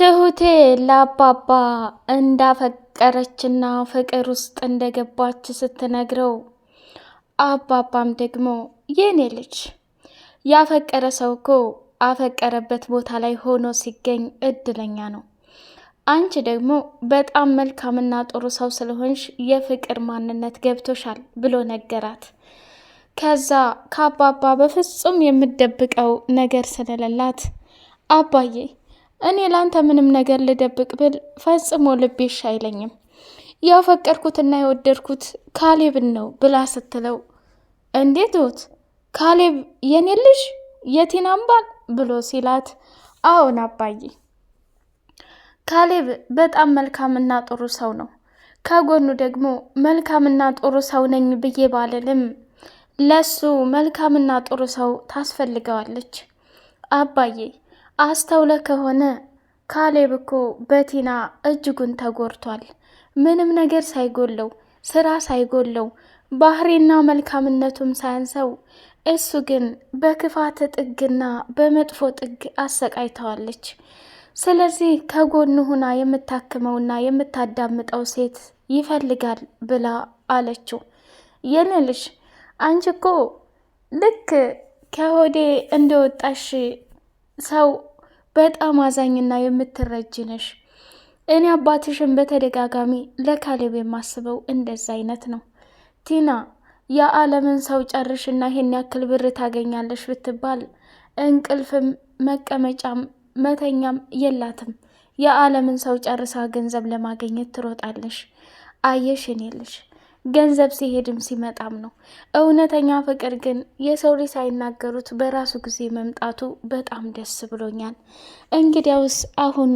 ትሁቴ ለአባባ እንዳፈቀረችና ፍቅር ውስጥ እንደገባች ስትነግረው አባባም ደግሞ የኔ ልጅ ያፈቀረ ሰው እኮ አፈቀረበት ቦታ ላይ ሆኖ ሲገኝ እድለኛ ነው። አንቺ ደግሞ በጣም መልካምና ጥሩ ሰው ስለሆንሽ የፍቅር ማንነት ገብቶሻል ብሎ ነገራት። ከዛ ከአባባ በፍጹም የምደብቀው ነገር ስለሌላት አባዬ እኔ ላንተ ምንም ነገር ልደብቅ ብል ፈጽሞ ልቤሽ አይለኝም። ያፈቀርኩትና የወደድኩት ካሌብን ነው ብላ ስትለው እንዴት እህት ካሌብ የኔ ልጅ የቲናም ባል ብሎ ሲላት፣ አዎን አባዬ ካሌብ በጣም መልካምና ጥሩ ሰው ነው። ከጎኑ ደግሞ መልካምና ጥሩ ሰው ነኝ ብዬ ባልልም ለሱ መልካምና ጥሩ ሰው ታስፈልገዋለች አባዬ አስተውለ ከሆነ ካሌብ እኮ በቲና እጅጉን ተጎድቷል። ምንም ነገር ሳይጎለው ስራ ሳይጎለው ባህሪና መልካምነቱም ሳያንሰው እሱ ግን በክፋት ጥግና በመጥፎ ጥግ አሰቃይተዋለች። ስለዚህ ከጎኑ ሁና የምታክመውና የምታዳምጠው ሴት ይፈልጋል ብላ አለችው። የኔ ልጅ አንቺ እኮ ልክ ከሆዴ እንደወጣሽ ሰው በጣም አዛኝና የምትረጅ ነሽ። እኔ አባትሽን በተደጋጋሚ ለካሌብ የማስበው እንደዛ አይነት ነው። ቲና የዓለምን ሰው ጨርሽና ይሄን ያክል ብር ታገኛለሽ ብትባል እንቅልፍም መቀመጫም መተኛም የላትም። የዓለምን ሰው ጨርሳ ገንዘብ ለማገኘት ትሮጣለሽ። አየሽ እኔ ገንዘብ ሲሄድም ሲመጣም ነው። እውነተኛ ፍቅር ግን የሰው ልጅ ሳይናገሩት በራሱ ጊዜ መምጣቱ በጣም ደስ ብሎኛል። እንግዲያውስ አሁን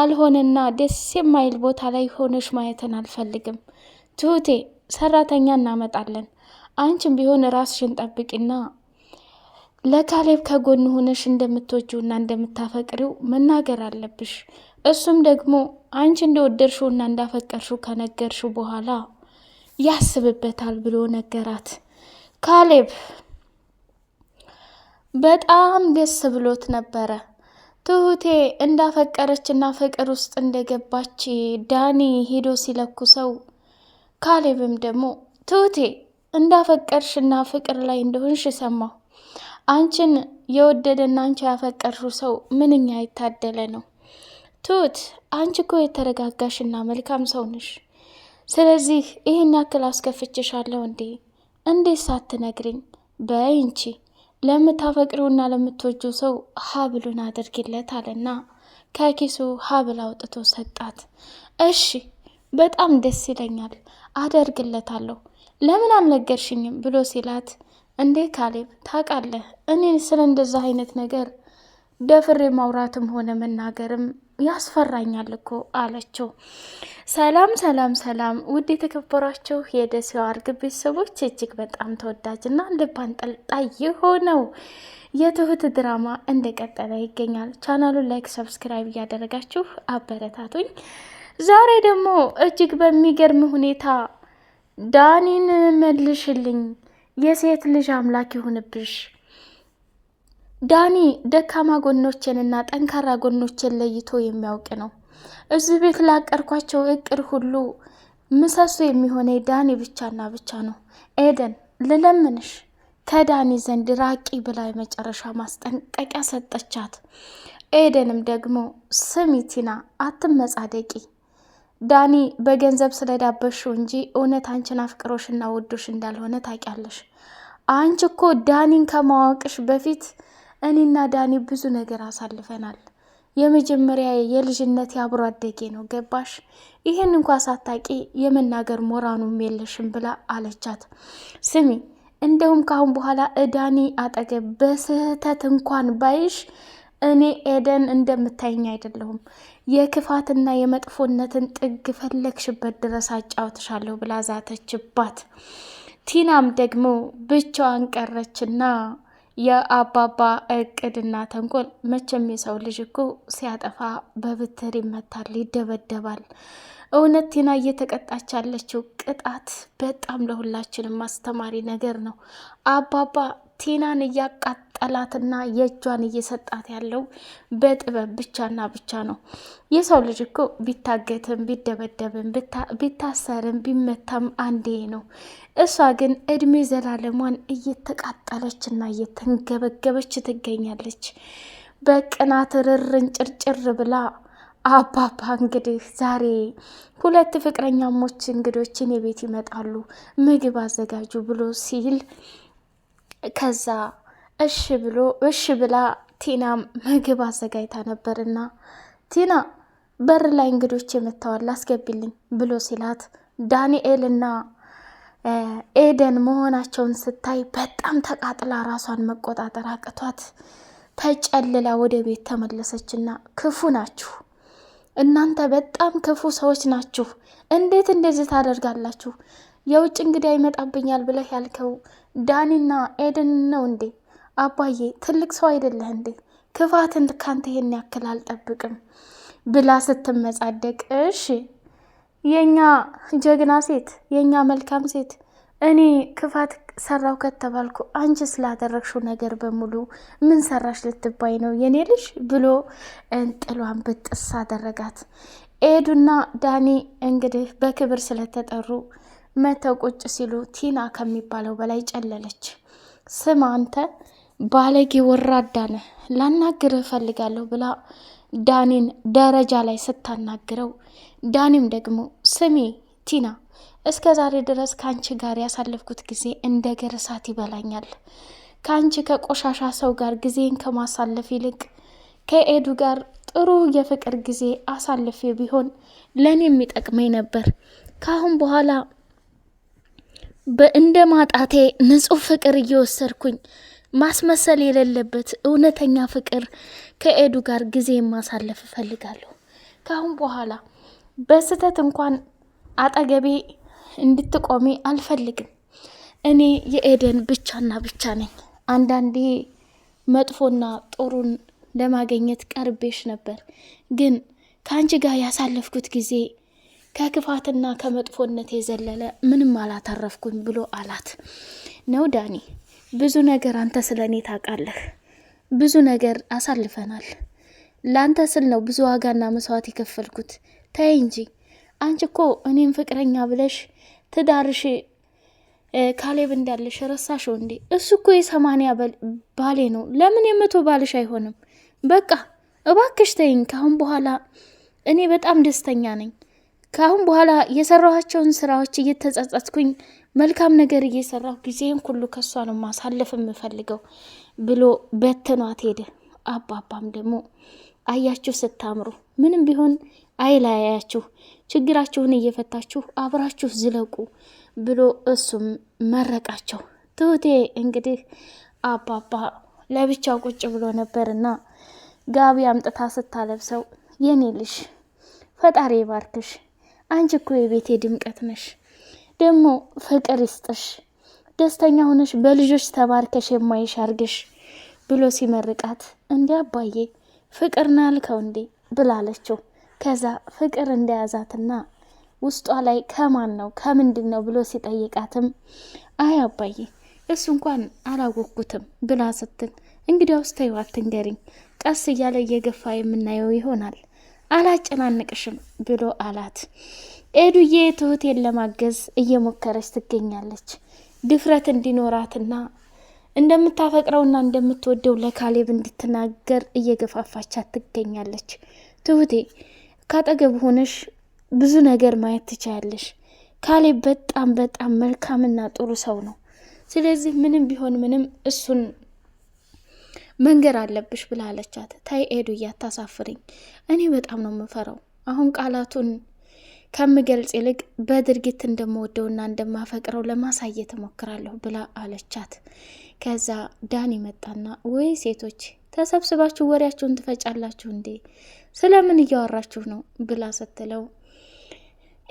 አልሆነና ደስ የማይል ቦታ ላይ ሆነሽ ማየትን አልፈልግም። ትሁቴ ሰራተኛ እናመጣለን። አንቺም ቢሆን ራስሽን ጠብቂና ለካሌብ ከጎን ሆነሽ እንደምትወጂውና እንደምታፈቅሪው መናገር አለብሽ። እሱም ደግሞ አንቺ እንደወደድሽውና እንዳፈቀርሽው ከነገርሽው በኋላ ያስብበታል ብሎ ነገራት። ካሌብ በጣም ደስ ብሎት ነበረ። ትሁቴ እንዳፈቀረች እና ፍቅር ውስጥ እንደገባች ዳኒ ሄዶ ሲለኩሰው፣ ካሌብም ደግሞ ትሁቴ እንዳፈቀርሽ እና ፍቅር ላይ እንደሆንሽ ሰማሁ። አንቺን የወደደና አንቺ ያፈቀርሽው ሰው ምንኛ የታደለ ነው። ትሁት አንቺ እኮ የተረጋጋሽ እና መልካም ሰው ነሽ። ስለዚህ ይህን ያክል አስከፍችሻለሁ እንዴ? እንዴት ሳትነግሪኝ? በይ እንቺ ለምታፈቅሪውና ለምትወጂው ሰው ሀብሉን አድርጊለት አለና ከኪሱ ሀብል አውጥቶ ሰጣት። እሺ በጣም ደስ ይለኛል፣ አደርግለታለሁ። ለምን አልነገርሽኝም ብሎ ሲላት፣ እንዴ ካሌብ ታውቃለህ፣ እኔ ስለ እንደዛ አይነት ነገር ደፍሬ ማውራትም ሆነ መናገርም ያስፈራኛል እኮ አለችው። ሰላም ሰላም ሰላም! ውድ የተከበሯቸው የደሴዋ እርግብ ቤተሰቦች እጅግ በጣም ተወዳጅና ልብ አንጠልጣይ የሆነው የትሁት ድራማ እንደቀጠለ ይገኛል። ቻናሉን ላይክ፣ ሰብስክራይብ እያደረጋችሁ አበረታቱኝ። ዛሬ ደግሞ እጅግ በሚገርም ሁኔታ ዳኒን መልሽልኝ፣ የሴት ልጅ አምላክ ይሁንብሽ ዳኒ ደካማ ጎኖችንና ጠንካራ ጎኖችን ለይቶ የሚያውቅ ነው። እዚህ ቤት ላቀርኳቸው እቅድ ሁሉ ምሰሶ የሚሆነ ዳኒ ብቻና ብቻ ነው። ኤደን ልለምንሽ ከዳኒ ዘንድ ራቂ ብላ የመጨረሻ ማስጠንቀቂያ ሰጠቻት። ኤደንም ደግሞ ስሚቲና አትም አትመጻደቂ ዳኒ በገንዘብ ስለዳበሽው እንጂ እውነት አንቺን አፍቅሮሽና ወዶሽ እንዳልሆነ ታውቂያለሽ። አንቺ እኮ ዳኒን ከማወቅሽ በፊት እኔና ዳኒ ብዙ ነገር አሳልፈናል። የመጀመሪያ የልጅነት የአብሮ አደጌ ነው ገባሽ? ይህን እንኳ ሳታቂ የመናገር ሞራኑም የለሽም ብላ አለቻት። ስሚ እንደውም ካሁን በኋላ እዳኒ አጠገብ በስህተት እንኳን ባይሽ እኔ ኤደን እንደምታይኝ አይደለሁም። የክፋትና የመጥፎነትን ጥግ ፈለግሽበት ድረስ አጫውትሻለሁ ብላ ዛተችባት። ቲናም ደግሞ ብቻዋን ቀረችና የአባባ እቅድና ተንኮል መቼም የሰው ልጅ እኮ ሲያጠፋ በብትር ይመታል፣ ይደበደባል። እውነት ቲና እየተቀጣች ያለችው ቅጣት በጣም ለሁላችንም አስተማሪ ነገር ነው። አባባ ቲናን እያቃጥ ጠላትና የእጇን እየሰጣት ያለው በጥበብ ብቻና ብቻ ነው። የሰው ልጅ እኮ ቢታገትም፣ ቢደበደብም፣ ቢታሰርም፣ ቢመታም አንዴ ነው። እሷ ግን እድሜ ዘላለሟን እየተቃጠለችና እየተንገበገበች ትገኛለች። በቅናት ርርን ጭርጭር ብላ አባባ እንግዲህ ዛሬ ሁለት ፍቅረኛሞች እንግዶችን የቤት ይመጣሉ ምግብ አዘጋጁ ብሎ ሲል ከዛ እሺ ብሎ እሺ ብላ ቲና ምግብ አዘጋጅታ ነበርና ቲና በር ላይ እንግዶች የመጥተዋል አስገቢልኝ ብሎ ሲላት ዳንኤልና ኤደን መሆናቸውን ስታይ በጣም ተቃጥላ ራሷን መቆጣጠር አቅቷት ተጨልላ ወደ ቤት ተመለሰችና ክፉ ናችሁ እናንተ በጣም ክፉ ሰዎች ናችሁ። እንዴት እንደዚህ ታደርጋላችሁ? የውጭ እንግዲ ይመጣብኛል ብለህ ያልከው ዳኒና ኤደን ነው እንዴ? አባዬ ትልቅ ሰው አይደለህ እንዴ? ክፋትን ካንተ ይሄን ያክል አልጠብቅም ብላ ስትመጻደቅ፣ እሺ የእኛ ጀግና ሴት፣ የእኛ መልካም ሴት እኔ ክፋት ሰራው ከተባልኩ አንቺ ስላደረግሽው ነገር በሙሉ ምን ሰራሽ ልትባይ ነው የኔ ልጅ ብሎ እንጥሏን ብጥስ አደረጋት። ኤዱና ዳኒ እንግዲህ በክብር ስለተጠሩ መተው ቁጭ ሲሉ ቲና ከሚባለው በላይ ጨለለች። ስም አንተ ባለጌ ወራዳ ነህ ላናግርህ እፈልጋለሁ ብላ ዳኒን ደረጃ ላይ ስታናግረው፣ ዳኒም ደግሞ ስሜ ቲና እስከ ዛሬ ድረስ ከአንቺ ጋር ያሳለፍኩት ጊዜ እንደ ገርሳት እሳት ይበላኛል። ከአንቺ ከቆሻሻ ሰው ጋር ጊዜን ከማሳለፍ ይልቅ ከኤዱ ጋር ጥሩ የፍቅር ጊዜ አሳልፌ ቢሆን ለእኔ የሚጠቅመኝ ነበር። ከአሁን በኋላ እንደ ማጣቴ ንጹሕ ፍቅር እየወሰድኩኝ ማስመሰል የሌለበት እውነተኛ ፍቅር ከኤዱ ጋር ጊዜ ማሳለፍ እፈልጋለሁ። ከአሁን በኋላ በስህተት እንኳን አጠገቤ እንድትቆሚ አልፈልግም። እኔ የኤደን ብቻና ብቻ ነኝ። አንዳንዴ መጥፎና ጥሩን ለማገኘት ቀርቤሽ ነበር፣ ግን ከአንቺ ጋር ያሳለፍኩት ጊዜ ከክፋትና ከመጥፎነት የዘለለ ምንም አላተረፍኩኝ ብሎ አላት ነው ዳኒ ብዙ ነገር አንተ ስለ እኔ ታውቃለህ። ብዙ ነገር አሳልፈናል። ለአንተ ስል ነው ብዙ ዋጋና መስዋዕት የከፈልኩት። ተይ እንጂ አንቺ እኮ እኔም ፍቅረኛ ብለሽ ትዳርሽ ካሌብ እንዳለሽ ረሳሽው እንዴ? እሱ እኮ የሰማንያ ባሌ ነው። ለምን የመቶ ባልሽ አይሆንም? በቃ እባክሽ ተይኝ። ካሁን በኋላ እኔ በጣም ደስተኛ ነኝ። ካሁን በኋላ የሰራኋቸውን ስራዎች እየተጸጸትኩኝ መልካም ነገር እየሰራሁ ጊዜን ሁሉ ከሷ ነው ማሳለፍ የምፈልገው ብሎ በትኗት ሄደ። አባባም ደግሞ አያችሁ ስታምሩ፣ ምንም ቢሆን አይለያያችሁ፣ ችግራችሁን እየፈታችሁ አብራችሁ ዝለቁ ብሎ እሱም መረቃቸው። ትሁቴ እንግዲህ አባባ ለብቻ ቁጭ ብሎ ነበርና ጋቢ አምጥታ ስታለብሰው የኔ ልሽ ፈጣሪ ባርክሽ፣ አንቺ እኮ የቤቴ ድምቀት ነሽ ደግሞ ፍቅር ይስጥሽ፣ ደስተኛ ሆነሽ በልጆች ተባርከሽ የማይሽ አርግሽ ብሎ ሲመርቃት እንዲ አባዬ ፍቅር ነው ያልከው እንዴ ብላለችው። ከዛ ፍቅር እንደያዛትና ውስጧ ላይ ከማን ነው ከምንድን ነው ብሎ ሲጠይቃትም አይ አባዬ እሱ እንኳን አላወቅኩትም ብላ ስትል እንግዲያውስ ተይው አትንገሪኝ፣ ቀስ እያለ እየገፋ የምናየው ይሆናል አላጨናንቅሽም ብሎ አላት። ኤዱዬ ትሁቴን ለማገዝ እየሞከረች ትገኛለች። ድፍረት እንዲኖራትና እንደምታፈቅረውና እንደምትወደው ለካሌብ እንድትናገር እየገፋፋቻት ትገኛለች። ትሁቴ ካጠገብ ሆነሽ ብዙ ነገር ማየት ትችያለሽ። ካሌብ በጣም በጣም መልካምና ጥሩ ሰው ነው። ስለዚህ ምንም ቢሆን ምንም እሱን መንገር አለብሽ ብላ አለቻት። ታይ ኤዱ እያታሳፍርኝ እኔ በጣም ነው የምፈራው። አሁን ቃላቱን ከምገልጽ ይልቅ በድርጊት እንደምወደውና እንደማፈቅረው ለማሳየት እሞክራለሁ ብላ አለቻት። ከዛ ዳን ይመጣና ወይ ሴቶች ተሰብስባችሁ ወሬያችሁን ትፈጫላችሁ እንዴ? ስለምን እያወራችሁ ነው? ብላ ስትለው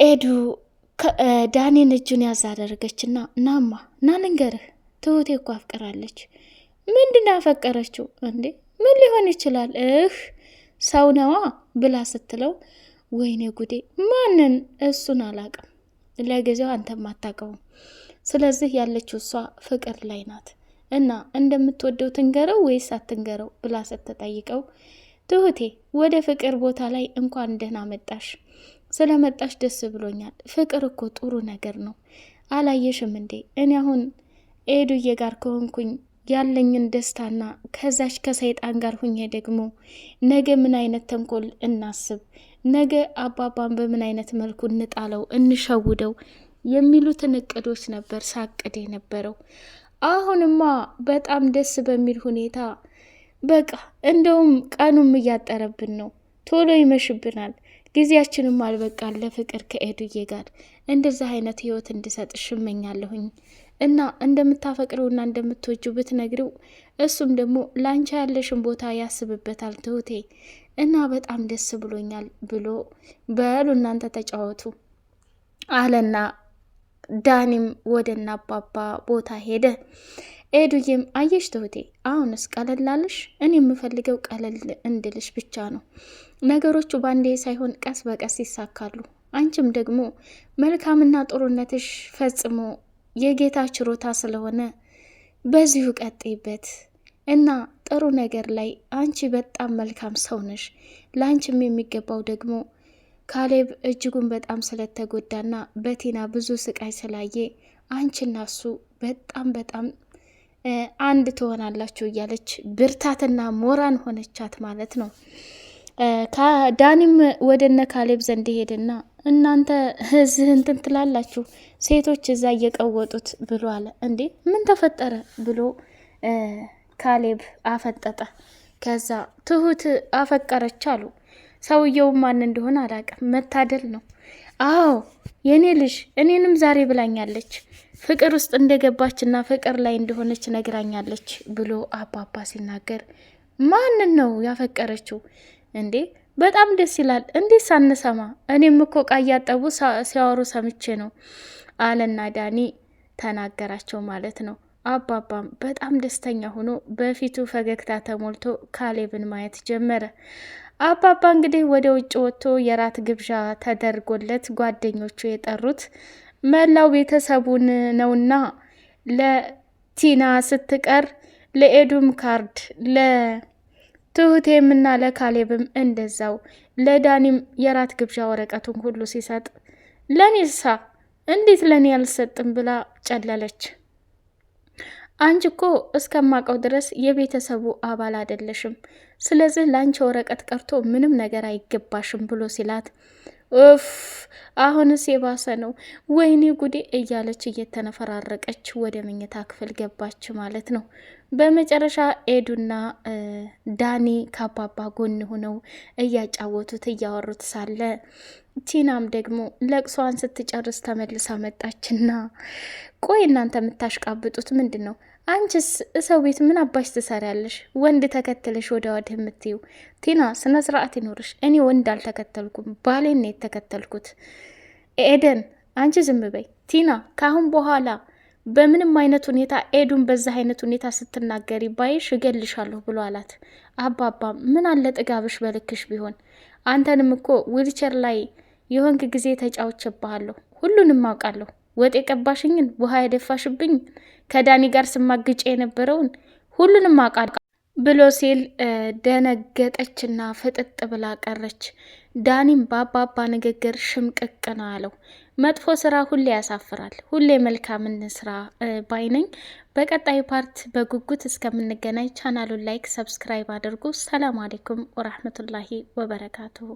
ኤዱ ዳኔን እጁን ያዝ አደረገችና ናማ ና ትሁቴ እኮ አፍቅራለች ምንድን ያፈቀረችው እንዴ? ምን ሊሆን ይችላል? እህ ሰው ነዋ ብላ ስትለው ወይኔ ጉዴ፣ ማንን? እሱን አላቅም። ለጊዜው አንተም አታውቀውም። ስለዚህ ያለችው እሷ ፍቅር ላይ ናት። እና እንደምትወደው ትንገረው ወይስ አትንገረው ብላ ስትጠይቀው ትሁቴ ወደ ፍቅር ቦታ ላይ እንኳን ደህና መጣሽ፣ ስለመጣሽ ደስ ብሎኛል። ፍቅር እኮ ጥሩ ነገር ነው። አላየሽም እንዴ? እኔ አሁን ኤዱዬ ጋር ከሆንኩኝ ያለኝን ደስታና ከዛች ከሰይጣን ጋር ሁኜ ደግሞ ነገ ምን አይነት ተንኮል እናስብ፣ ነገ አባባን በምን አይነት መልኩ እንጣለው፣ እንሸውደው የሚሉትን እቅዶች ነበር ሳቅድ የነበረው። አሁንማ በጣም ደስ በሚል ሁኔታ በቃ እንደውም ቀኑም እያጠረብን ነው፣ ቶሎ ይመሽብናል። ጊዜያችንም አልበቃል ለፍቅር ከኤዱዬ ጋር እንደዚህ አይነት ህይወት እንድሰጥ ሽመኛለሁኝ እና እንደምታፈቅረውና እንደምትወጁ ብትነግሪው እሱም ደግሞ ላንቺ ያለሽን ቦታ ያስብበታል ትሁቴ እና በጣም ደስ ብሎኛል ብሎ በሉ እናንተ ተጫወቱ አለና ዳኒም ወደ እና አባባ ቦታ ሄደ። ኤዱዬም አየሽ ትሁቴ፣ አሁንስ ቀለል አለሽ። እኔ የምፈልገው ቀለል እንድልሽ ብቻ ነው። ነገሮቹ ባንዴ ሳይሆን ቀስ በቀስ ይሳካሉ። አንቺም ደግሞ መልካምና ጥሩነትሽ ፈጽሞ የጌታ ችሮታ ስለሆነ በዚሁ ቀጥይበት እና ጥሩ ነገር ላይ አንቺ በጣም መልካም ሰው ነሽ። ለአንቺም የሚገባው ደግሞ ካሌብ እጅጉን በጣም ስለተጎዳና በቲና ብዙ ስቃይ ስላየ አንቺና እሱ በጣም በጣም አንድ ትሆናላችሁ እያለች ብርታትና ሞራን ሆነቻት ማለት ነው። ዳኒም ወደ እነ ካሌብ ዘንድ ሄድና እናንተ እዚህ እንትን ትላላችሁ ሴቶች እዛ እየቀወጡት ብሎ አለ። እንዴ ምን ተፈጠረ ብሎ ካሌብ አፈጠጠ። ከዛ ትሁት አፈቀረች አሉ። ሰውየው ማን እንደሆነ አላውቅም። መታደል ነው። አዎ የእኔ ልጅ እኔንም ዛሬ ብላኛለች። ፍቅር ውስጥ እንደገባችና ፍቅር ላይ እንደሆነች ነግራኛለች ብሎ አባባ ሲናገር ማንን ነው ያፈቀረችው? እንዴ በጣም ደስ ይላል። እንዴ ሳንሰማ እኔም እኮ ዕቃ እያጠቡ ሲያወሩ ሰምቼ ነው አለና ዳኒ ተናገራቸው ማለት ነው። አባባም በጣም ደስተኛ ሆኖ በፊቱ ፈገግታ ተሞልቶ ካሌብን ማየት ጀመረ። አባባ እንግዲህ ወደ ውጭ ወጥቶ የራት ግብዣ ተደርጎለት ጓደኞቹ የጠሩት መላው ቤተሰቡን ነውና ለቲና ስትቀር ለኤዱም ካርድ ለ እና ለካሌብም እንደዛው ለዳኒም የራት ግብዣ ወረቀቱን ሁሉ ሲሰጥ ለኔሳ እንዴት ለኔ አልሰጥም ብላ ጨለለች። አንቺ እኮ እስከማቀው ድረስ የቤተሰቡ አባል አይደለሽም፣ ስለዚህ ለአንቺ ወረቀት ቀርቶ ምንም ነገር አይገባሽም ብሎ ሲላት እፍ አሁንስ የባሰ ነው። ወይኔ ጉዴ እያለች እየተነፈራረቀች ወደ መኝታ ክፍል ገባች ማለት ነው። በመጨረሻ ኤዱና ዳኒ ከአባባ ጎን ሆነው እያጫወቱት እያወሩት ሳለ ቲናም ደግሞ ለቅሷን ስትጨርስ ተመልሳ መጣችና፣ ቆይ እናንተ የምታሽቃብጡት ምንድን ነው? አንቺስ እሰው ቤት ምን አባሽ ትሰሪያለሽ? ወንድ ተከተለሽ ወደ ወዲህ የምትዩ ቲና፣ ስነ ስርዓት ይኖርሽ። እኔ ወንድ አልተከተልኩም፣ ባሌን ነው የተከተልኩት። ኤደን፣ አንቺ ዝም በይ። ቲና፣ ከአሁን በኋላ በምንም አይነት ሁኔታ ኤዱን በዛ አይነት ሁኔታ ስትናገሪ ባይሽ እገልሻለሁ ብሎ አላት። አባባ፣ ምን አለ ጥጋብሽ በልክሽ ቢሆን። አንተንም እኮ ዊልቸር ላይ የሆንክ ጊዜ ተጫውቼብሃለሁ። ሁሉንም አውቃለሁ። ወጥ የቀባሽኝን፣ ውሃ የደፋሽብኝ፣ ከዳኒ ጋር ስማግጬ የነበረውን ሁሉንም አውቃለሁ ብሎ ሲል ደነገጠችና ፍጥጥ ብላ ቀረች። ዳኒም በአባባ ንግግር ሽምቅቅ ነው አለው። መጥፎ ስራ ሁሌ ያሳፍራል፣ ሁሌ መልካምን ስራ ባይነኝ። በቀጣዩ ፓርት በጉጉት እስከምንገናኝ ቻናሉን ላይክ፣ ሰብስክራይብ አድርጉ። ሰላም አሌይኩም ወራህመቱላሂ ወበረካቱሁ።